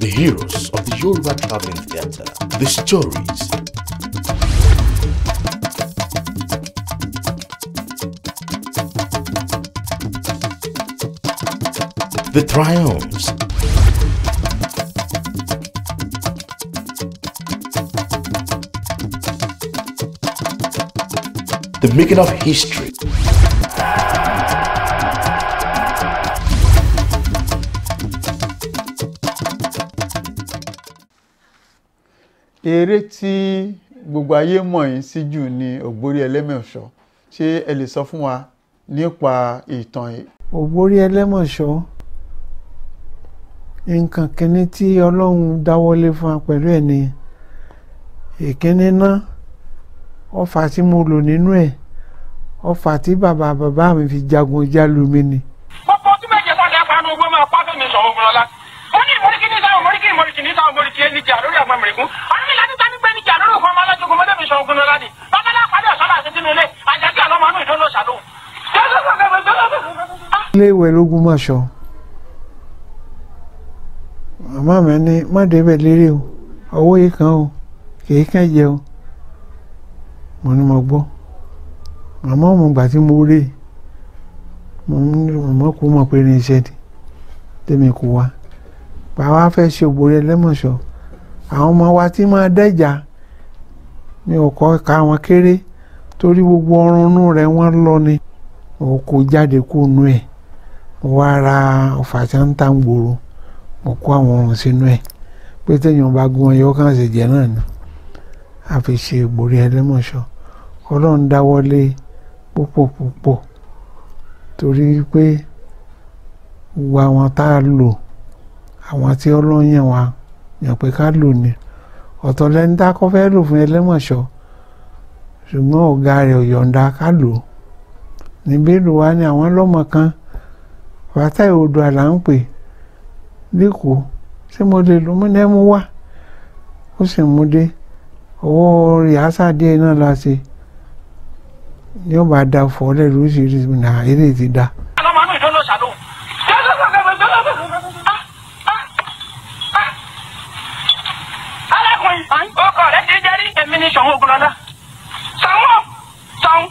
the heroes of the Yoruba Traveling Theatre, the stories, the triumphs, the making of history. eré tí gbogbo ayé mọ̀ yín sí jù ni ògbórí ẹlẹ́mọ̀ṣọ́ ṣé ẹ lè sọ fún wa nípa ìtàn yìí. ògbórí ẹlẹ́mọ̀ṣọ́ nǹkan kìíní tí ọlọ́run dáwọ́lé fún wa pẹ̀lú ẹ̀ ni ìkíní náà ọfà tí mo lò nínú ẹ̀ ọfà tí bàbá bàbá mi fi jagun jálù mi ni. gbogbo tí méje sáré apanu ogbó máa pàdé mi sọ̀rọ̀ ògùn ọ̀la ó ní ìmọ̀ríkì ní sáwọn mọ̀ríkì ìmọ̀ríkì ẹni jà lórí àgbà mẹ̀rẹ̀kún Ògúnlọlá ni lọ́mọdé àpàdé ọ̀sán láti sínú ilé àjàkí àlọ́mọ inú ìwẹ̀ lógún máa màmá mi ní má débẹ̀ lérè o ọwọ́ yìí kan o kìí kàn jẹ o mo ní mo gbọ́ màmá ọmọ ìgbà tí mo rí màmá kú mọ̀ pé ní iṣẹ́ ni tèmi kò wá bàbá fẹ́ ṣe ògbó rẹ lẹ́mọ̀ṣọ́ àwọn ọmọ wa ti máa dẹ́jà mi ò kọ́ ka wọn kéré torí gbogbo ọrùnú rẹ̀ wọ́n lọ ni ò kó jáde kó nu ẹ̀ wá ra ọ̀fà tí wọ́n ń ta ń gbòòrò mo kó àwọn ọrùn sínú ẹ̀ pé téèyàn bá gún ẹyọ kan ṣe jẹ náà ni a fi ṣe ìgbòrí ẹlẹ́mọ̀ṣọ́ ọlọ́run dáwọ́lé púpọ̀ púpọ̀ torí pé gbogbo àwọn tá a lò àwọn tí ọlọ́run yàn wá yàn pé ká lò ni ọ̀tọ̀ lẹni tá a kọ́ fẹ́ lò fún ẹlẹ́mọ̀ṣọ́ ṣùgbọ́n ọ̀gá rẹ̀ ọ̀yọ̀ǹda ká lò ó níbí ló wá ní àwọn lọ́mọ kan Fatai Oduah là ń pè lẹ́kọ̀ọ́ tí mo lè lò múnẹ́ wá ó sì mú dé owó rìhásà díẹ̀ náà la ṣe yóò bá da fọ́ lẹ́rú sí rí eré ti da. sanwó ogun lọ́lá sanwó san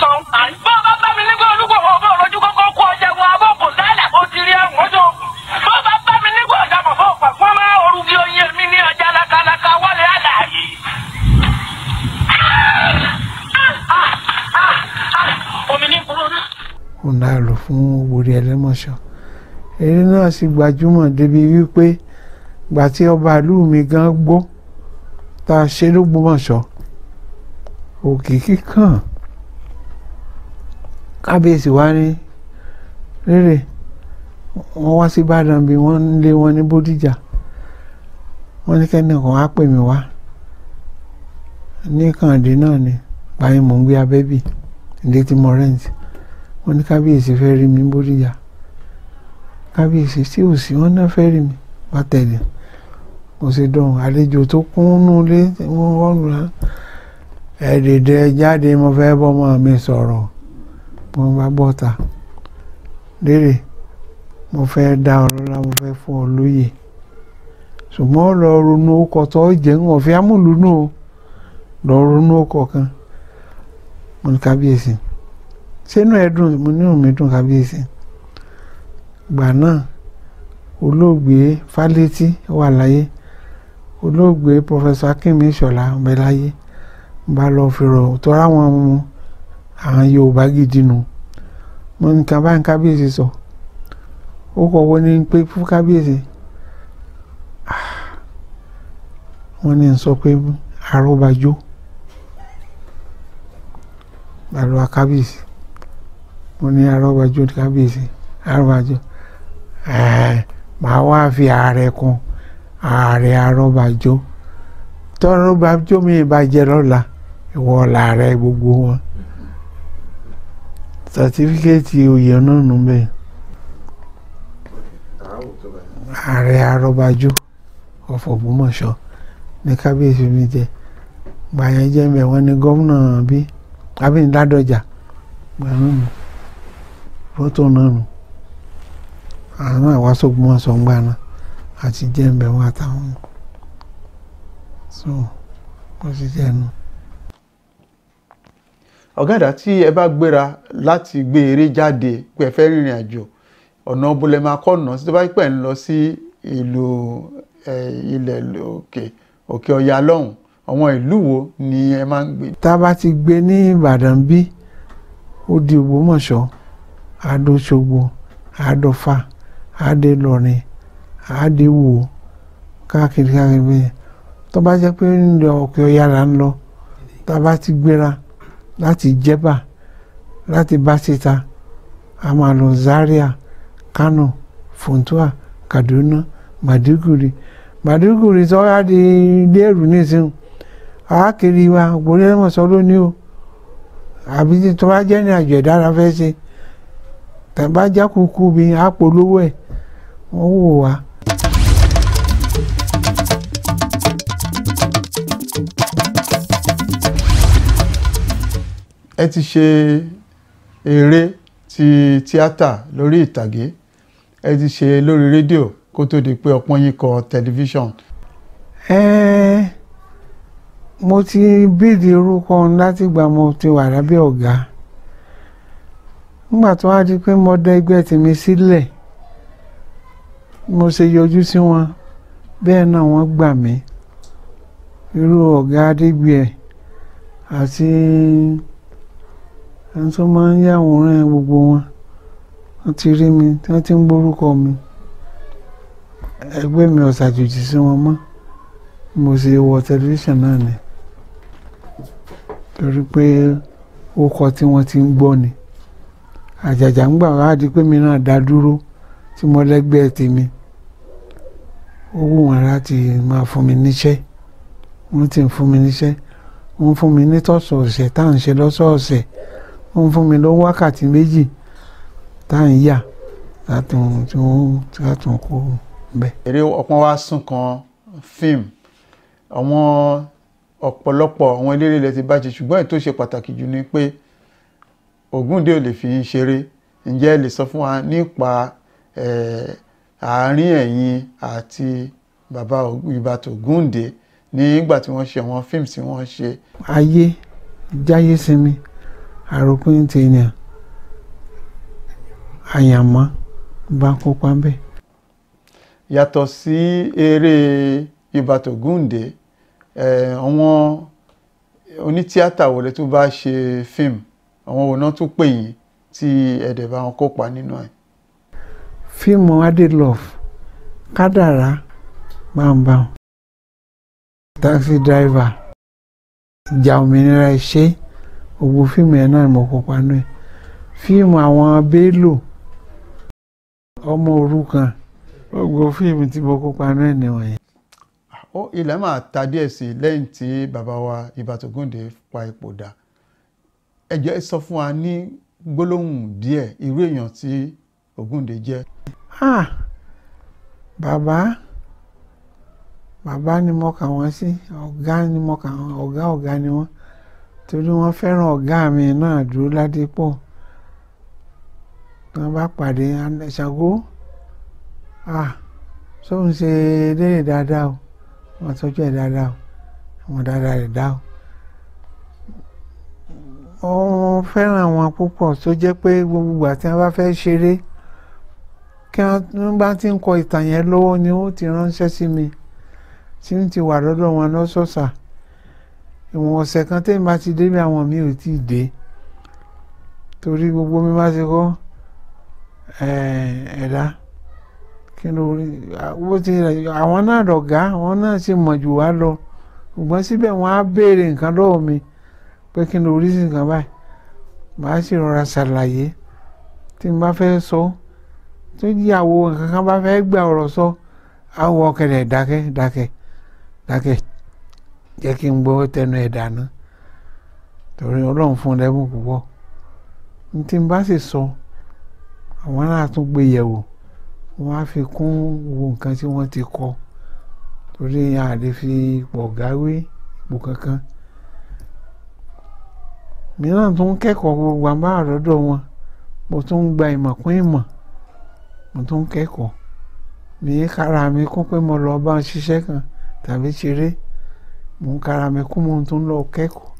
san bá a bá bá mi nígbà olúkọ ọgbọ òrojú kọ́kọ́ kú ọjà wọn abọ kò sálà ó ti rí àwọn ọjọ́ bá a bá bá mi nígbà ọjà bàbá ọpà fún ọmọ orúkí oyin mi ní ọjà lakalaka wọlé àlàyé. omi ní kúrò náà. ó náà lò fún Wòrí Ẹlẹ́mọ̀ṣọ́ eré náà sì gbajúmọ̀ débi wípé gbàtí ọba ìlú mi gan gbọ́ tá a ṣe lógbómọ̀ṣọ́ òkìkí kàn kábíyèsí wa ní rere wọ́n wá sí ìbàdàn bí wọ́n ń lé wọn ní bódìjà wọ́n ní kẹ́ni kan wá pè mí wá ní kàǹdé náà ni báyìí mò ń gbé abẹ́bì ilé tí mo rẹ́ǹtì wọ́n ní kábíyèsí fẹ́ rí mi ní bódìjà kábíyèsí tí ò sí wọ́n náà fẹ́ rí mi bá tẹ̀lé kò sí dùn àlejò tó kún nulẹ̀ wọ́n wọ́n nù ẹ dìde jáde mo fẹ́ bọ́mọ mi sọ̀rọ̀ mo bá bọ́ta lérè mo fẹ́ dá ọ lọ́lá mo fẹ́ fún ọ lóye ṣùgbọ́n lọ ronú ọkọ̀ tó jẹ́ ń wọ̀ fi amúlùnú o lọ ronú ọkọ̀ kan mo ní kábíyèsí sínú ẹ̀dùn mo ní mi dùn kábíyèsí gbà náà olóògbé fálétí wà láyé olóògbé professor akínmi ìṣọ̀lá ọ̀bẹ̀láyé bá lọ fìrọ̀ tọ́ra wọn mu àwọn yorùbá gidi nù mo ní ká báyìí kábíyèsí sọ ó kọ̀wé ní pé fún kábíyèsí ah, wọ́n ní sọ pé àrọ́bàjó àlọ́ kábíyèsí mo ní àrọ́bàjó kábíyèsí àrọ́bàjó ẹ̀ẹ́ eh, màá wá fi ààrẹ kan ààrẹ arọ́bàjọ́ tọ́rọ́bàjọ́ mi ìbàjẹ́ lọ́la ìwọ làárẹ̀ gbogbo wọn sàtífíkẹ́ẹ̀tì oyè náà nù bẹ́ẹ̀ ààrẹ arọ́bàjọ́ ọ̀fọ̀ Ògbómọ̀ṣọ́ ní kábíyèsí mi jẹ gbàyẹn jẹ́ mbẹ̀ wọ́n ní gómìnà bí abíyẹn ládọjà gbàmù fọ́tò náà nù àwọn àwa sọ́gbọ́n sọ̀ngbà náà àti jẹ́ ń bẹ̀ wọ́n àtàwọn so bó ṣe jẹ́ nu. ọ̀gádà tí ẹ bá gbéra láti gbé eré jáde pé ẹ fẹ́ rìnrìn àjò ọ̀nà ọbọlẹ̀ máa kọ́ ọ̀nà tí tó bá pẹ̀ ń lọ sí ìlú ilẹ̀ òkè òkè ọ̀yà lọ́hùn àwọn ìlú wo ni ẹ máa ń gbé. tá a bá ti gbé ní Ìbàdàn bí ó di Ògbómọ̀ṣọ́ àdóṣogbo àdófà àdélọrin àádéwò káàkiri káàkiri bẹ́ẹ̀ tó bá jẹ́ pé ńlọ òkè ọ̀yà là ń lọ tá a bá ti gbéra láti jẹ́bà láti báṣetà a máa lọ Zaria Kano Funtua Kaduna maduguri, maduguri tó yá di ilé ẹrù nísìnyí àákiri wa gbòòrò ẹ̀wọ̀n sọ lónìí o àbí tó bá jẹ́ ní àjọ ìdára fẹ́ ṣe tàbá jákùkù mi àpò lówó ẹ̀ wọ́n wò wá. ẹ ti ṣe eré ti tíátà lórí ìtàgé ẹ ti ṣe lórí rédíò kó tó di pé ọpọ́n yín kọ tẹlifíṣàn. ẹ mo ti bídi orúkọ láti gbà mo ti wà lábẹ́ ọ̀gá nígbà tó wá di pé mo dá ẹgbẹ́ tèmi sílẹ̀ mo ṣe yọjú sí wọn bẹ́ẹ̀ náà wọ́n gbà mí irú ọ̀gá adégbìẹ àti àwọn tó máa ń yàwòrán gbogbo wọn wọ́n ti rí mi tí wọ́n ti ń gbórúkọ mi ẹgbẹ́ mi ọ̀sàjòjì sí wọn mọ́ mo ṣe wọ tẹlifíṣàn náà ni torí pé ó kọ tí wọ́n ti ń gbọ́ ni àjàjà ń gbà wá di pé mi náà dá dúró tí mo lẹ́gbẹ́ tèmi ó wù wọ́n láti máa fún mi níṣẹ́ wọ́n ti ń fún mi níṣẹ́ wọ́n fún mi nítọ̀sọ̀ọ̀sẹ̀ tá à ń ṣe lọ́sọ̀ọ̀sẹ̀ ó ń fún mi lọ wákàtí méjì tá à ń yà látún tí wọ́n látún kó bẹ́ẹ̀. èrè ọpọ́n wa sùn kan fíìmù àwọn ọ̀pọ̀lọpọ̀ àwọn eléré ilẹ̀ ti bàjẹ́ ṣùgbọ́n èyí tó ṣe pàtàkì jù ni pé Ògúndé ò lè fi ń ṣeré ǹjẹ́ ẹ lè sọ fún wa nípa àárín ẹ̀yin àti bàbá ìbàtò Ògúndé nígbà tí wọ́n ṣe àwọn fíìmù tí wọ́n ṣe. ayé jáyé sinmi aropintenia àyànmọ́ bá kópa ń bẹ̀. yàtọ̀ sí eré ìbátògùndé àwọn onítíátà wọlé tó bá ṣe fíìmù àwọn òun náà tún pè yín tí ẹ̀dẹ̀ bá wọn kópa nínú ẹ̀. fíìmù adelove kádàrá bámbám taxi driver ìjà òmìnira iṣẹ́ gbogbo fíìmù yẹn náà mo kópa nù ẹ̀ fíìmù àwọn Bello ọmọ òrukàn gbogbo fíìmù tí mo kópa nù ẹ̀ nìwọ̀n yẹn. ó ilẹ̀ máa ta díẹ̀ sí i lẹ́yìn tí bàbá wa Ìbà Ògúndé pa ipò dà ẹ jẹ́ sọ fún wa ní gbólóhùn díẹ̀ irú èèyàn tí Ògúndé jẹ́. bàbá bàbá ni mo kà wọ́n sí ọ̀gá ni mo kà wọ́n ọ̀gá ọ̀gá ni wọ́n torí wọ́n fẹ́ràn ọ̀gá mi náà dúró ládépọ̀ tí wọ́n bá pàdé ṣàgó ah sóun ṣe léèrè dáadáa o wọ́n tọ́jú ẹ̀ dáadáa o wọ́n dáadáa rẹ̀ dá o wọ́n fẹ́ràn wọn púpọ̀ tó jẹ́ pé gbogbo ìgbà tí wọ́n bá fẹ́ ṣeré kí wọ́n bá ti ń kọ ìtàn yẹn lọ́wọ́ ni ó ti ránṣẹ́ sí mi tí ń ti wà lọ́dọ̀ wọn lọ́sọ̀ọ̀sà. So ìwọ̀n ọ̀sẹ̀ kan tẹ́yìn bá ti dé bí àwọn mi ò tí ì dé torí gbogbo mi bá ti kọ́ ẹ̀dá kí ló rí bó ti rẹ̀ àwọn náà dọ̀gá àwọn náà sì mọ̀ jù wá lọ ṣùgbọ́n síbẹ̀ wọ́n á béèrè nǹkan lọ́wọ́ mi pé kí ló rí sí nǹkan báyìí màá sì rọra ṣàlàyé tí n bá fẹ́ sọ tó yíyàwó nǹkan kan bá fẹ́ gbà ọ̀rọ̀ sọ àwọ̀ ọ̀kẹ́dẹ̀ dákẹ́ dákẹ́ dákẹ́ jẹ́ kí n gbọ́ tẹnu ẹ̀ dànù torí ọlọ́run fún lẹ́bùn púpọ̀ n tí n bá sì sọ àwọn náà tún gbé e yẹ̀wò wọ́n á fi kún gbogbo nǹkan tí wọ́n ti kọ torí a lè fi ipò gáwé ipò kankan mìíràn tún kẹ́kọ̀ọ́ gbogbo àbá àrọ́dọ̀ wọn mo tún ń gba ìmọ̀ kún ìmọ̀ mo tún ń kẹ́kọ̀ọ́ mi kára mi kún pé mo lọ bá ń ṣiṣẹ́ kan tàbí ṣeré mò ń kára mi kún mò ń tún lọ kẹ́kọ̀ọ́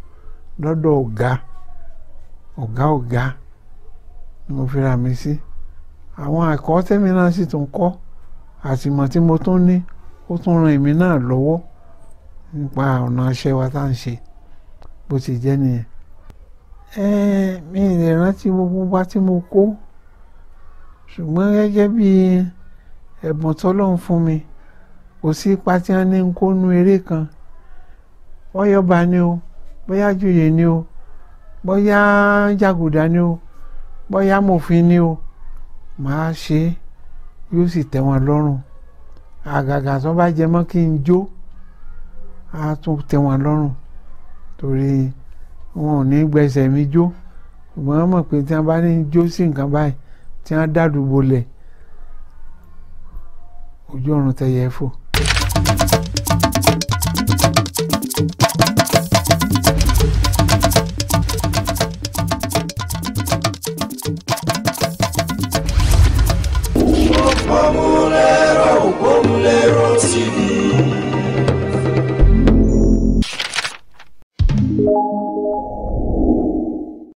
lọ́dọ̀ ọ̀gá ọ̀gá ọ̀gá ni mo fi ra mi sí àwọn ẹ̀kọ́ tẹ́mi náà sì tún kọ́ àtìmọ̀ tí mo tún ní ó tún ran èmi náà lọ́wọ́ nípa ọ̀nà iṣẹ́ wa tá à ń ṣe bó ti jẹ́ nìyẹn. ẹ mi lè rántí gbogbo bá tí mo kó ṣùgbọ́n gẹ́gẹ́ bí ẹ̀bùn tọ́lọ́run fún mi kò sí ipa tí ní kó nu eré kan bóyá ọba ni o bóyá joyè ni o bóyá jàgùdà ni o bóyá mòfin ni o màá ṣe é yóò sì tẹ́ wọn lọ́rùn àgàgà tó bá jẹ mọ́ kí n jó á tún tẹ́ wọn lọ́rùn torí wọn ò ní gbẹsẹ̀ mi jó ṣùgbọ́n wọ́n mọ̀ pé tí wọ́n bá ní jó sí nǹkan báyìí tí wọ́n dàdúgbò lẹ̀ ojú ọ̀run tẹ̀yẹ fò.